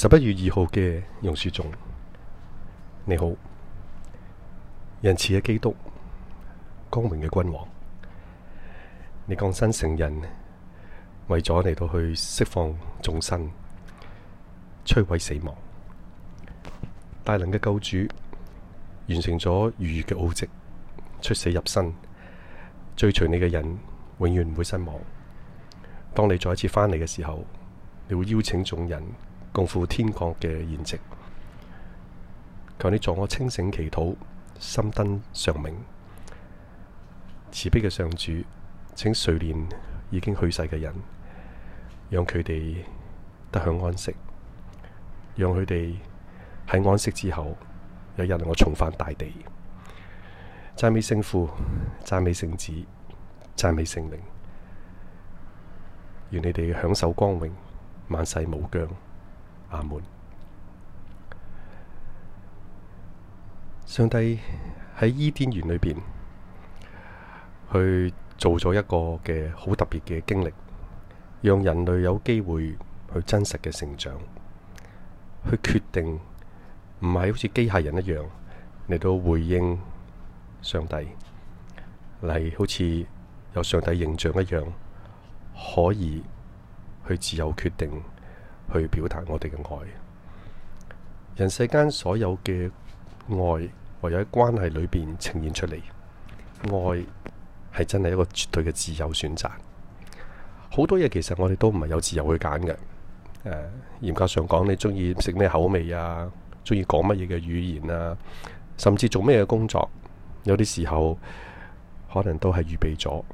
十一月二號嘅楊樹中，你好。仁慈嘅基督，光榮嘅君王，你降生成人，為咗嚟到去釋放眾生，摧毀死亡，大能嘅救主完成咗逾越嘅奧蹟，出死入生，追隨你嘅人永遠唔會身亡。當你再一次翻嚟嘅時候，你會邀請眾人。共赴天國嘅筵席。求你助我清醒祈禱，心燈常明。慈悲嘅上主，請垂憐已經去世嘅人，讓佢哋得享安息，讓佢哋喺安息之後，有一日我重返大地。讚美聖父，讚美聖子，讚美聖靈，願你哋享受光榮，萬世無疆。阿門！上帝喺伊甸園裏邊去做咗一個嘅好特別嘅經歷，讓人類有機會去真實嘅成長，去決定唔係好似機械人一樣嚟，到回應上帝，嚟好似由上帝形象一樣，可以去自由決定。去表達我哋嘅愛，人世間所有嘅愛，唯有喺關係裏邊呈現出嚟。愛係真係一個絕對嘅自由選擇。好多嘢其實我哋都唔係有自由去揀嘅。誒，嚴格上講，你中意食咩口味啊？中意講乜嘢嘅語言啊？甚至做咩嘅工作？有啲時候可能都係預備咗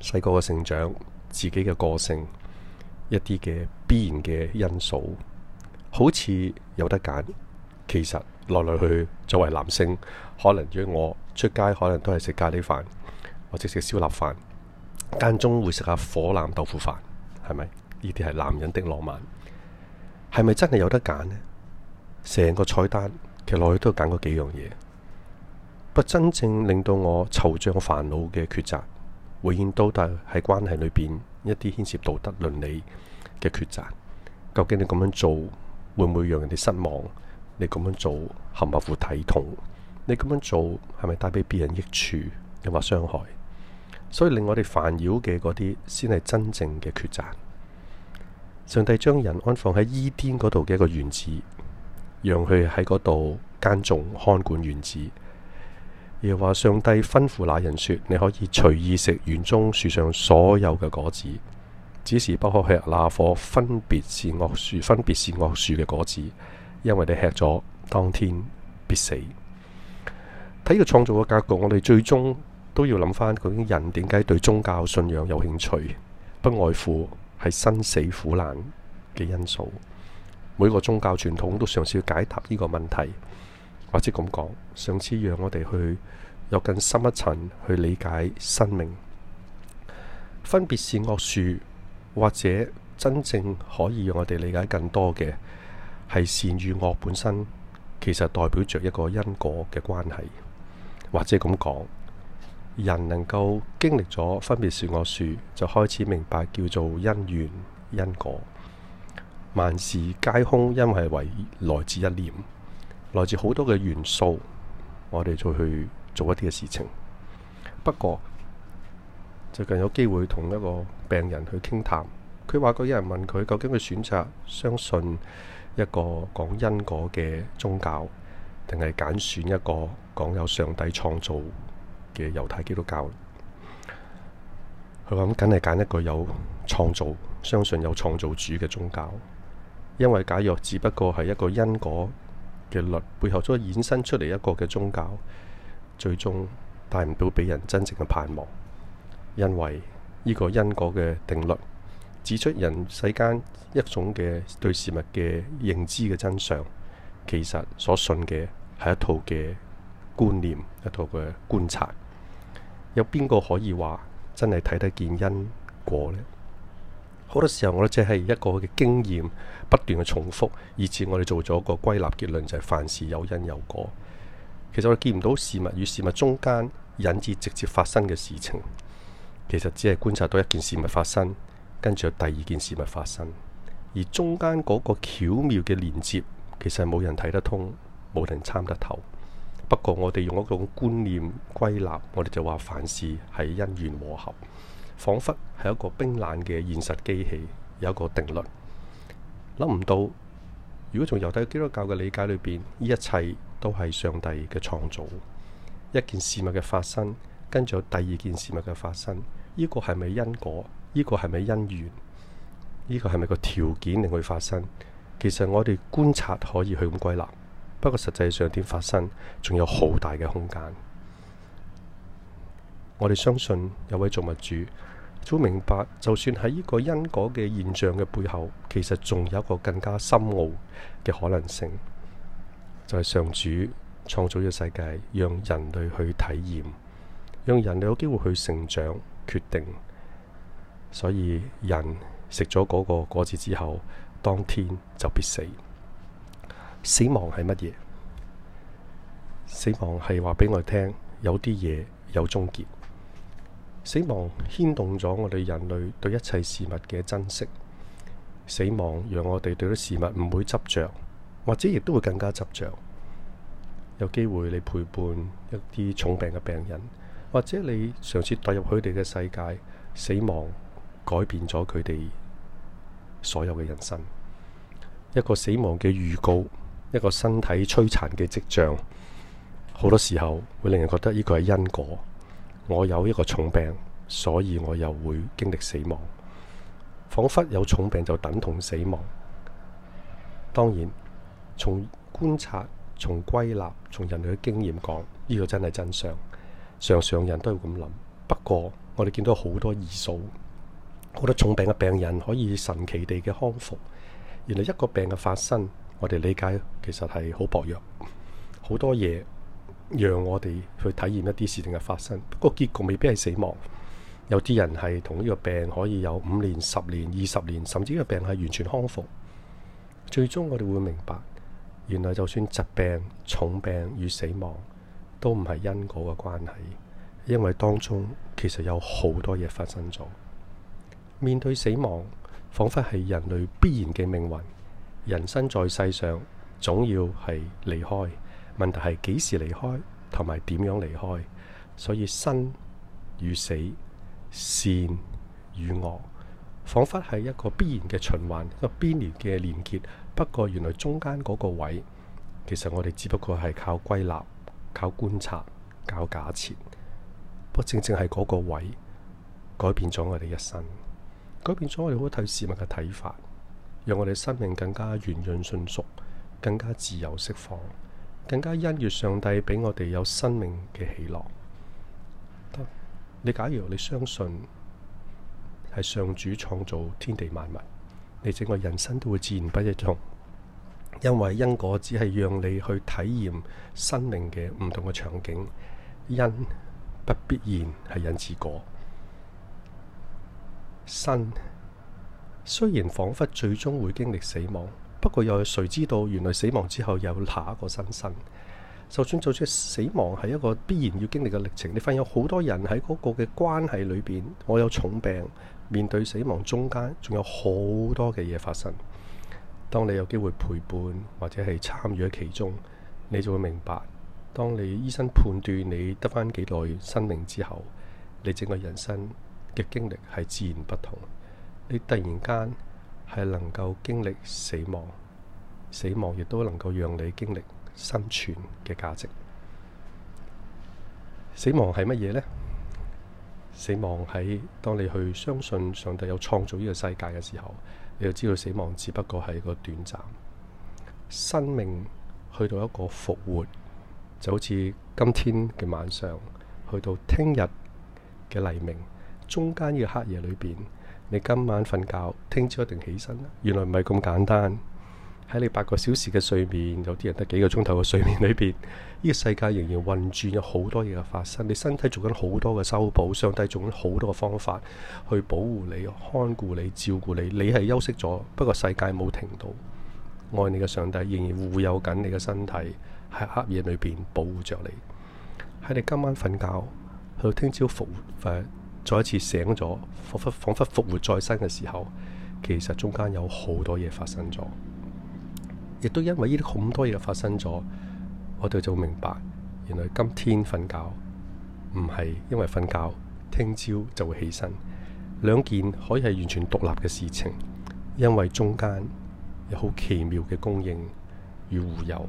細個嘅成長，自己嘅個性。一啲嘅必然嘅因素，好似有得揀，其實來來去，作為男性，可能約我出街，可能都係食咖喱飯，或者食燒臘飯，間中會食下火腩豆腐飯，係咪？呢啲係男人的浪漫，係咪真係有得揀呢？成個菜單，其實來去都揀過幾樣嘢，不過真正令到我惆悵煩惱嘅抉擇，永遠都得喺關係裏邊。一啲牽涉道德倫理嘅抉擇，究竟你咁樣做會唔會讓人哋失望？你咁樣做合唔合乎體統？你咁樣做係咪帶俾別人益處又或傷害？所以令我哋煩擾嘅嗰啲，先係真正嘅抉擇。上帝將人安放喺伊甸嗰度嘅一個園子，讓佢喺嗰度耕種看管園子。又話上帝吩咐那人說：你可以隨意食園中樹上所有嘅果子，只是不可吃那顆分別善惡樹、分別是惡樹嘅果子，因為你吃咗，當天必死。睇個創造嘅格局，我哋最終都要諗翻究竟人點解對宗教信仰有興趣，不外乎係生死苦難嘅因素。每個宗教傳統都嘗試去解答呢個問題。或者咁講，上次讓我哋去有更深一層去理解生命，分別是惡樹，或者真正可以讓我哋理解更多嘅係善與惡本身，其實代表着一個因果嘅關係。或者咁講，人能夠經歷咗分別是惡樹，就開始明白叫做因緣因果，萬事皆空，因為為來自一念。來自好多嘅元素，我哋再去做一啲嘅事情。不過最近有機會同一個病人去傾談，佢話過有人問佢，究竟佢選擇相信一個講因果嘅宗教，定係揀選一個講有上帝創造嘅猶太基督教？佢話咁，梗係揀一個有創造、相信有創造主嘅宗教，因為假若只不過係一個因果嘅律背後，所衍生出嚟一個嘅宗教，最終帶唔到俾人真正嘅盼望，因為呢個因果嘅定律指出人世間一種嘅對事物嘅認知嘅真相，其實所信嘅係一套嘅觀念，一套嘅觀察。有邊個可以話真係睇得見因果咧？好多時候，我覺得即係一個嘅經驗不斷嘅重複，以致我哋做咗個歸納結論，就係凡事有因有果。其實我哋見唔到事物與事物中間引致直接發生嘅事情，其實只係觀察到一件事物發生，跟住第二件事物發生，而中間嗰個巧妙嘅連接，其實係冇人睇得通，冇人參得透。不過我哋用一種觀念歸納，我哋就話凡事係因緣和合。仿佛係一個冰冷嘅現實機器，有一個定律。諗唔到，如果從猶太基督教嘅理解裏邊，呢一切都係上帝嘅創造。一件事物嘅發生，跟住第二件事物嘅發生，呢個係咪因果？呢個係咪因緣？呢個係咪個條件令佢發生？其實我哋觀察可以去咁歸納，不過實際上點發生，仲有好大嘅空間。我哋相信有位造物主。要明白，就算喺呢個因果嘅現象嘅背後，其實仲有一個更加深奧嘅可能性，就係上主創造嘅世界，讓人類去體驗，讓人類有機會去成長、決定。所以人食咗嗰個果子之後，當天就必死。死亡係乜嘢？死亡係話俾我哋聽，有啲嘢有終結。死亡牽動咗我哋人類對一切事物嘅珍惜，死亡讓我哋對啲事物唔會執着，或者亦都會更加執着。有機會你陪伴一啲重病嘅病人，或者你嘗試代入佢哋嘅世界，死亡改變咗佢哋所有嘅人生。一個死亡嘅預告，一個身體摧殘嘅跡象，好多時候會令人覺得呢個係因果。我有一個重病，所以我又會經歷死亡。仿佛有重病就等同死亡。當然，從觀察、從歸納、從人類嘅經驗講，呢、這個真係真相。常常人都會咁諗。不過，我哋見到好多異數，好多重病嘅病人可以神奇地嘅康復。原來一個病嘅發生，我哋理解其實係好薄弱，好多嘢。讓我哋去體驗一啲事情嘅發生，不過結局未必係死亡。有啲人係同呢個病可以有五年、十年、二十年，甚至呢個病係完全康復。最終我哋會明白，原來就算疾病、重病與死亡，都唔係因果嘅關係，因為當中其實有好多嘢發生咗。面對死亡，仿佛係人類必然嘅命運。人生在世上，總要係離開。問題係幾時離開，同埋點樣離開，所以生與死、善與惡，彷彿係一個必然嘅循環，一個邊緣嘅連結。不過原來中間嗰個位，其實我哋只不過係靠歸納、靠觀察、靠假設。不過正正係嗰個位改變咗我哋一生，改變咗我哋好多睇事物嘅睇法，讓我哋生命更加圓潤順熟，更加自由釋放。更加欣悅上帝俾我哋有生命嘅喜樂。你假如你相信係上主創造天地萬物，你整個人生都會自然不一樣。因為因果只係讓你去體驗生命嘅唔同嘅場景，因不必然係引致果。生雖然仿佛最終會經歷死亡。不過又係誰知道，原來死亡之後有下一個新生？就算做出死亡係一個必然要經歷嘅歷程，你發現有好多人喺嗰個嘅關係裏邊，我有重病，面對死亡中間，仲有好多嘅嘢發生。當你有機會陪伴或者係參與喺其中，你就會明白，當你醫生判斷你得翻幾耐生命之後，你整個人生嘅經歷係自然不同。你突然間。係能夠經歷死亡，死亡亦都能夠讓你經歷生存嘅價值。死亡係乜嘢呢？死亡喺當你去相信上帝有創造呢個世界嘅時候，你就知道死亡只不過係一個短暫。生命去到一個復活，就好似今天嘅晚上，去到聽日嘅黎明，中間嘅黑夜裏邊。你今晚瞓覺，聽朝一定起身。原來唔係咁簡單，喺你八個小時嘅睡眠，有啲人得幾個鐘頭嘅睡眠裏邊，呢、這個世界仍然運轉，咗好多嘢嘅發生。你身體做緊好多嘅修補，上帝做緊好多嘅方法去保護你、看顧你、照顧你。你係休息咗，不過世界冇停到，愛你嘅上帝仍然護佑緊你嘅身體喺黑夜裏邊保護着你。喺你今晚瞓覺，去聽朝復活。呃再一次醒咗，仿佛彷彿復活再生嘅時候，其實中間有好多嘢發生咗，亦都因為呢啲咁多嘢發生咗，我哋就明白，原來今天瞓覺唔係因為瞓覺，聽朝就會起身，兩件可以係完全獨立嘅事情，因為中間有好奇妙嘅供應與護佑。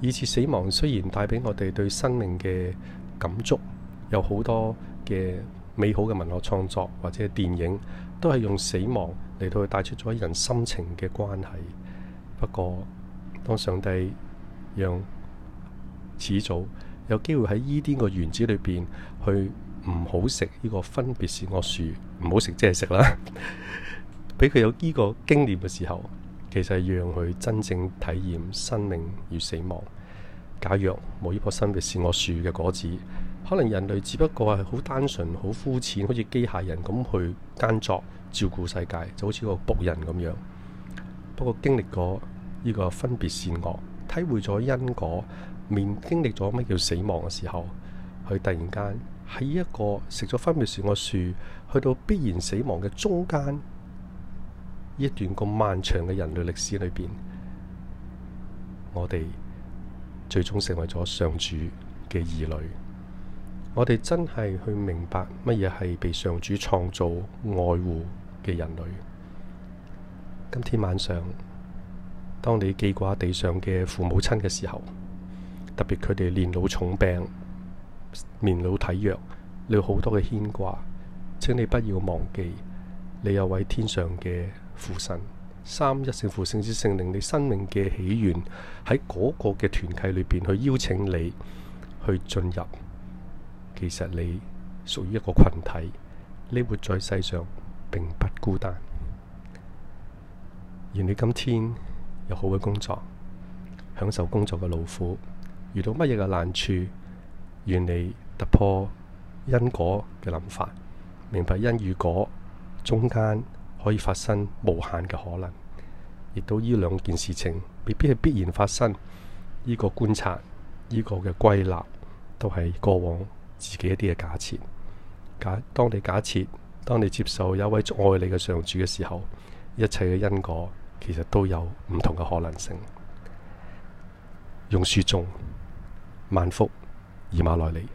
以至死亡雖然帶俾我哋對生命嘅感觸。有好多嘅美好嘅文學創作或者係電影，都係用死亡嚟到去帶出咗人心情嘅關係。不過，當上帝讓始祖有機會喺依啲個園子裏邊去唔好食呢個分別善惡樹，唔好食即係食啦。俾佢有呢個經驗嘅時候，其實係讓佢真正體驗生命與死亡。假若冇依樖生命善惡樹嘅果子，可能人類只不過係好單純、好膚淺，好似機械人咁去耕作照顧世界，就好似個僕人咁樣。不過經歷過呢個分別善惡，體會咗因果，面經歷咗乜叫死亡嘅時候，佢突然間喺一個食咗分別善惡樹，去到必然死亡嘅中間一段咁漫長嘅人類歷史裏邊，我哋最終成為咗上主嘅兒女。我哋真係去明白乜嘢係被上主創造愛護嘅人類。今天晚上，當你記掛地上嘅父母親嘅時候，特別佢哋年老重病、年老體弱，你好多嘅牽掛，請你不要忘記，你有位天上嘅父神。三一聖父、聖子、聖靈，你生命嘅起源喺嗰個嘅團契裏邊去邀請你去進入。其實你屬於一個群體，你活在世上並不孤單。而你今天有好嘅工作，享受工作嘅勞苦，遇到乜嘢嘅難處，願你突破因果嘅諗法，明白因與果中間可以發生無限嘅可能，亦都呢兩件事情未必係必，必然發生。呢、這個觀察，呢、這個嘅歸納，都係過往自己一啲嘅假設，假當你假設，當你接受有一位愛你嘅上主嘅時候，一切嘅因果其實都有唔同嘅可能性。用書中萬福以馬內利。